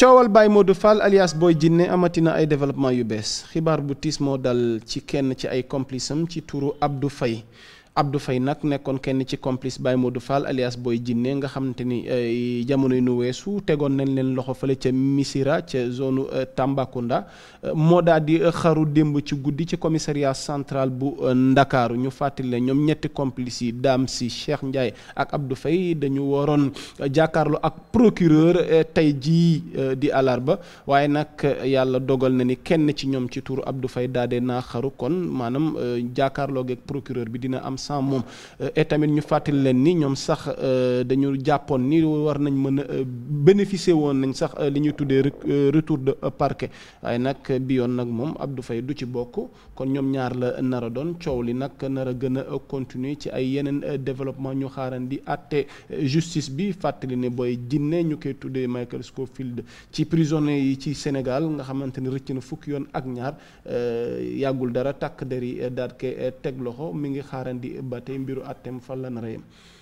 coowal Baye Modou Fall alias Boy Djiné amatina ay développement yu bees xibaar bu tiis moo dal ci kenn ci ay complice am ci turu du Faye Abdou Faye nag nekkoon kenn ci complice Baye Modou Fall alias Boy Djiné nga xamante ni jamono yi nu weesu tegoon nañ leen loxo fële ca Missira ca zone euh, Tambacounda euh, moo daal di euh, xaru démb ci guddi ci commissariat central bu Ndakaaru ñu fàttali leen ñoom ñetti complice yi daam si Cheikh Ndiaye ak Abdou Faye dañu waroon jàkkaarloo ak procureur tey ji di àllarba waaye nag yàlla dogal na ni kenn ci ñoom ci turu Abdou Faye daal naa xaru kon maanaam jàkkaarloo geeg procureur sans moom et tamit ñu fàttali leen ni ñoom sax euh, dañu jàppoon ni war nañ mën a euh, bénéficier woon nañ sax euh, li ñuy tuddee retour de parquet waaye nag bi yoon nag moom Abdou fay du ci bokk kon ñoom ñaar la nar a doon coow li nag nar a gën continuer ci ay yeneen développement ñu di àtte justice bi fàttali ne booy jinne ñu koy tuddee Michael Scofield ci prisonniers yi ci Sénégal nga xamante ni rëcc na fukki yoon ak ñaar yàggul dara takk der yi daal teg loxo ba tey mbiru àtteem fan la nar a